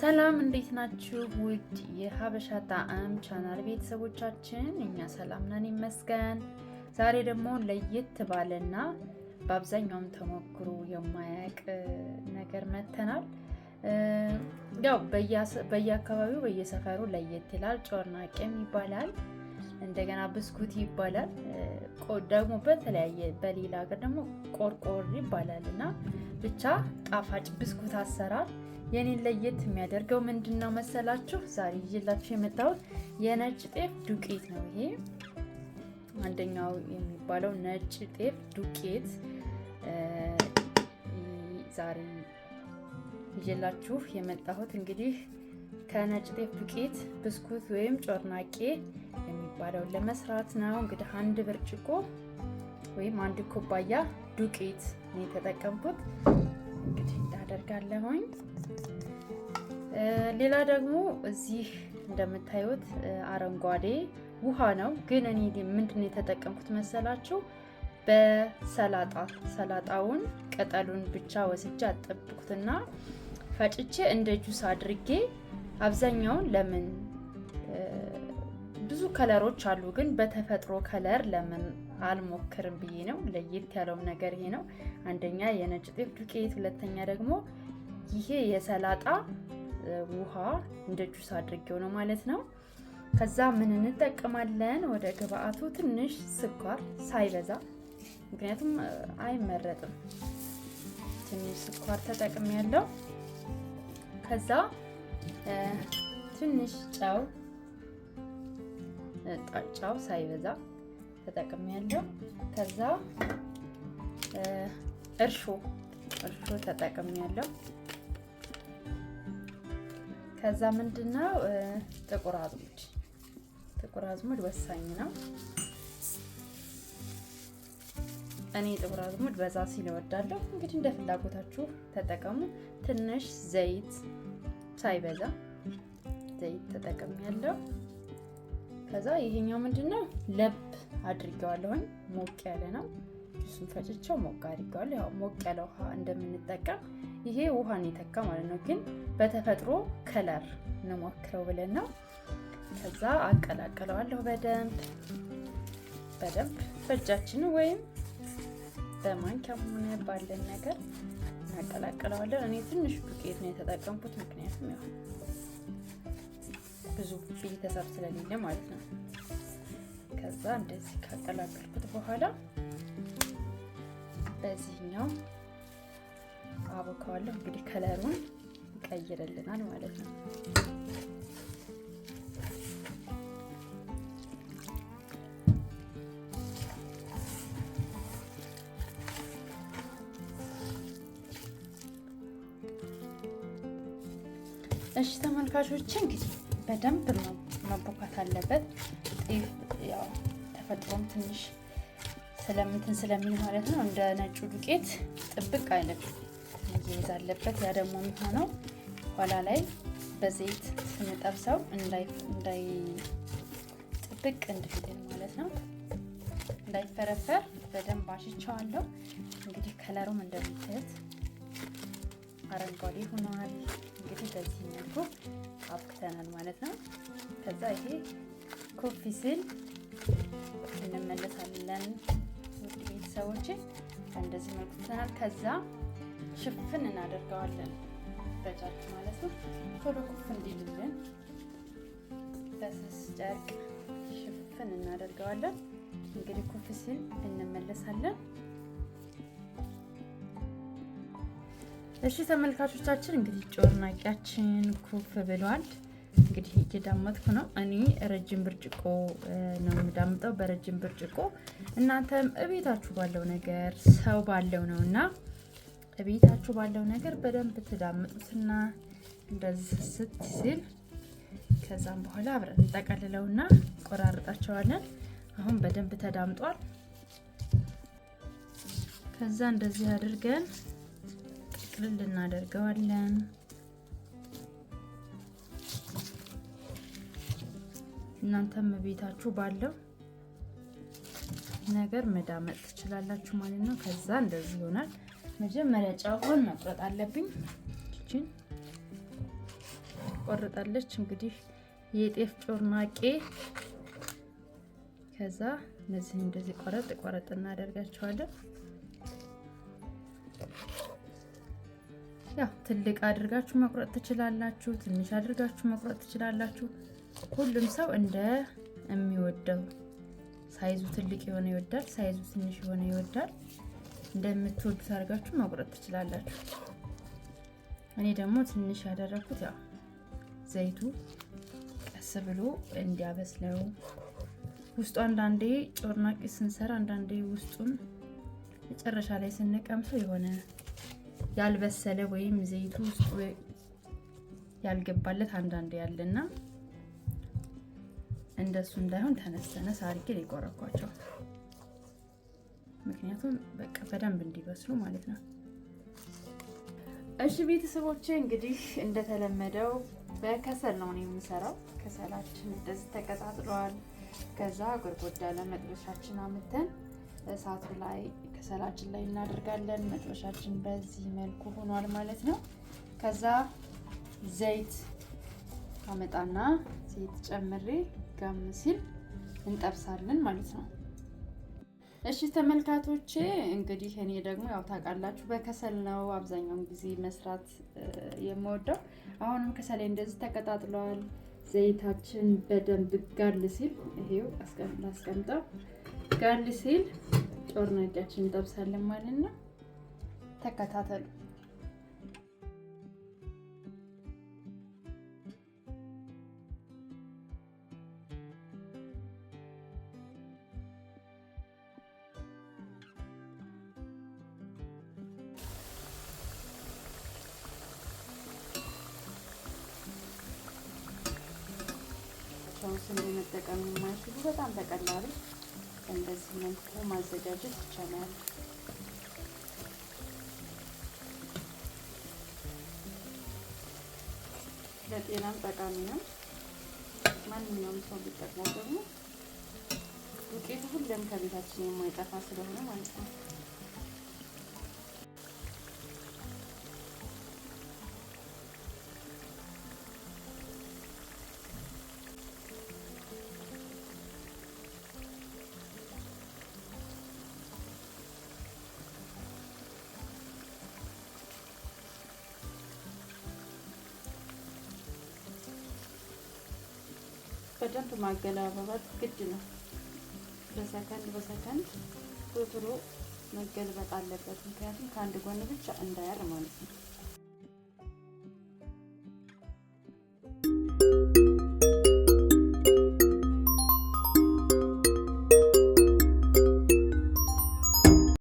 ሰላም እንዴት ናችሁ? ውድ የሀበሻ ጣዕም ቻናል ቤተሰቦቻችን፣ እኛ ሰላም ነን ይመስገን። ዛሬ ደግሞ ለየት ባለና በአብዛኛውም ተሞክሮ የማያውቅ ነገር መተናል። ያው በየአካባቢው በየሰፈሩ ለየት ይላል። ጮርናቄም ይባላል፣ እንደገና ብስኩት ይባላል። ደግሞ በተለያየ በሌላ ሀገር ደግሞ ቆርቆር ይባላል እና ብቻ ጣፋጭ ብስኩት አሰራር የኔን ለየት የሚያደርገው ምንድን ነው መሰላችሁ? ዛሬ ይዤላችሁ የመጣሁት የነጭ ጤፍ ዱቄት ነው። ይሄ አንደኛው የሚባለው ነጭ ጤፍ ዱቄት ዛሬ ይዤላችሁ የመጣሁት እንግዲህ ከነጭ ጤፍ ዱቄት ብስኩት ወይም ጮርናቄ የሚባለውን ለመስራት ነው። እንግዲህ አንድ ብርጭቆ ወይም አንድ ኩባያ ዱቄት ነው የተጠቀምኩት። አደርጋለሁኝ። ሌላ ደግሞ እዚህ እንደምታዩት አረንጓዴ ውሃ ነው፣ ግን እኔ ምንድን ነው የተጠቀምኩት መሰላችሁ? በሰላጣ ሰላጣውን ቅጠሉን ብቻ ወስጄ አጠብኩትና ፈጭቼ እንደ ጁስ አድርጌ አብዛኛውን ለምን ብዙ ከለሮች አሉ፣ ግን በተፈጥሮ ከለር ለምን አልሞክርም ብዬ ነው። ለየት ያለውም ነገር ይሄ ነው። አንደኛ የነጭ ጤፍ ዱቄት፣ ሁለተኛ ደግሞ ይሄ የሰላጣ ውሃ እንደ ጁስ አድርጌው ነው ማለት ነው። ከዛ ምን እንጠቀማለን? ወደ ግብአቱ ትንሽ ስኳር ሳይበዛ፣ ምክንያቱም አይመረጥም። ትንሽ ስኳር ተጠቅም ያለው ከዛ ትንሽ ጨው ጨው ሳይበዛ ተጠቅሜያለሁ። ያለው ከዛ እርሾ እርሾ ተጠቅሜ ያለው ከዛ ምንድነው ጥቁር አዝሙድ ጥቁር አዝሙድ ወሳኝ ነው። እኔ ጥቁር አዝሙድ በዛ ሲል እወዳለሁ። እንግዲህ እንደ ፍላጎታችሁ ተጠቀሙ። ትንሽ ዘይት ሳይበዛ ዘይት ተጠቅሜያለሁ። ያለው ከዛ ይሄኛው ምንድነው ለብ አድርጌዋለሁኝ። ሞቅ ያለ ነው። ጁሱን ፈጭቸው ሞቅ አድርጌዋለሁ። ያው ሞቅ ያለ ውሃ እንደምንጠቀም ይሄ ውሃን የተካ ማለት ነው። ግን በተፈጥሮ ከለር እንሞክረው ብለን ነው። ከዛ አቀላቀለዋለሁ በደንብ በደንብ በእጃችን ወይም በማንኪያ ሆነ ባለን ነገር እናቀላቅለዋለን። እኔ ትንሽ ዱቄት ነው የተጠቀምኩት፣ ምክንያቱም ያው ብዙ ቤተሰብ ስለሌለ ማለት ነው። ከዛ እንደዚህ ካቀላቀልኩት በኋላ በዚህኛው አቦካዋለሁ። እንግዲህ ከለሩን ይቀይርልናል ማለት ነው። እሺ ተመልካቾች እንግዲህ በደንብ መቦካት አለበት። ጤፍ ያው ተፈጥሮም ትንሽ ስለምትን ስለሚል ማለት ነው እንደ ነጩ ዱቄት ጥብቅ አይልም መያያዝ አለበት። ያ ደግሞ የሚሆነው ኋላ ላይ በዘይት ስንጠብሰው እንዳይ ጥብቅ እንድትል ማለት ነው እንዳይፈረፈር በደንብ አሽቸዋለሁ። እንግዲህ ከለሩም እንደምትት አረንጓዴ ሆኗል። እንግዲህ በዚህ መልኩ አብክተናል ማለት ነው። ከዛ ይሄ ኮፊ ስል እንመለሳለን። ውድ ቤተሰቦች እንደዚህ መልኩ ትተናል። ከዛ ሽፍን እናደርገዋለን በጨርቅ ማለት ነው። ቶሎ ኩፍ እንዲልልን በስስ ጨርቅ ሽፍን እናደርገዋለን። እንግዲህ ኮፊ ሲል እንመለሳለን። እሺ ተመልካቾቻችን እንግዲህ ጮርናቂያችን ኩፍ ብሏል። እንግዲህ እየዳመጥኩ ነው። እኔ ረጅም ብርጭቆ ነው የምዳምጠው በረጅም ብርጭቆ። እናንተም እቤታችሁ ባለው ነገር ሰው ባለው ነው እና እቤታችሁ ባለው ነገር በደንብ ትዳምጡትና እንደዚህ ስት ሲል ከዛም በኋላ አብረን እንጠቀልለውና ቆራርጣቸዋለን። አሁን በደንብ ተዳምጧል። ከዛ እንደዚህ አድርገን ጥቅልል እናደርገዋለን። እናንተም ቤታችሁ ባለው ነገር መዳመጥ ትችላላችሁ ማለት ነው። ከዛ እንደዚህ ይሆናል። መጀመሪያ ጨውን መቁረጥ አለብኝ። ይችን ቆርጣለች። እንግዲህ የጤፍ ጮርናቄ ከዛ እነዚህ እንደዚህ ቆረጥ ቆረጥ እናደርጋቸዋለን። ያው ትልቅ አድርጋችሁ መቁረጥ ትችላላችሁ፣ ትንሽ አድርጋችሁ መቁረጥ ትችላላችሁ። ሁሉም ሰው እንደ የሚወደው ሳይዙ ትልቅ የሆነ ይወዳል፣ ሳይዙ ትንሽ የሆነ ይወዳል። እንደምትወዱት አድርጋችሁ መቁረጥ ትችላላችሁ። እኔ ደግሞ ትንሽ ያደረኩት ያው ዘይቱ ቀስ ብሎ እንዲያበስለው ውስጡ አንዳንዴ ጮርናቂ ስንሰራ አንዳንዴ ውስጡን መጨረሻ ላይ ስንቀምሰው የሆነ ያልበሰለ ወይም ዘይቱ ውስጥ ያልገባለት አንዳንድ ያለና እንደሱ እንዳይሆን ተነሰነ ሳርጌ ሊቆረኳቸው ምክንያቱም በቃ በደንብ እንዲበስሉ ማለት ነው። እሺ ቤተሰቦቼ እንግዲህ እንደተለመደው በከሰል ነው የምሰራው። ከሰላችን እንደዚህ ተቀጣጥሏል። ከዛ ጎድጎዳ ለመጥበሻችን አምተን እሳቱ ላይ ከሰላችን ላይ እናደርጋለን። መጥበሻችን በዚህ መልኩ ሆኗል ማለት ነው። ከዛ ዘይት አመጣና ዘይት ጨምሬ ጋም ሲል እንጠብሳለን ማለት ነው። እሺ ተመልካቶቼ እንግዲህ እኔ ደግሞ ያው ታውቃላችሁ በከሰል ነው አብዛኛውን ጊዜ መስራት የምወደው። አሁንም ከሰሌ እንደዚህ ተቀጣጥለዋል። ዘይታችን በደንብ ጋል ሲል ይሄው ላስቀምጠው። ጋል ሲል ጨምቆርና እጃችን እንጠብሳለን ማለት ነው። ተከታተሉ። ቻውን ስንዴ መጠቀም የማይችሉ በጣም ተቀላሉ። በእንደዚህ መልኩ ማዘጋጀት ይቻላል። ለጤናም ጠቃሚ ነው። ማንኛውም ሰው ቢጠቅመው ደግሞ ዱቄቱ ሁሌም ከቤታችን የማይጠፋ ስለሆነ ማለት ነው። በደንብ ማገላበባት ግድ ነው። በሰከንድ በሰከንድ ቶሎ ቶሎ መገልበጥ አለበት። ምክንያቱም ከአንድ ጎን ብቻ እንዳያር ማለት ነው።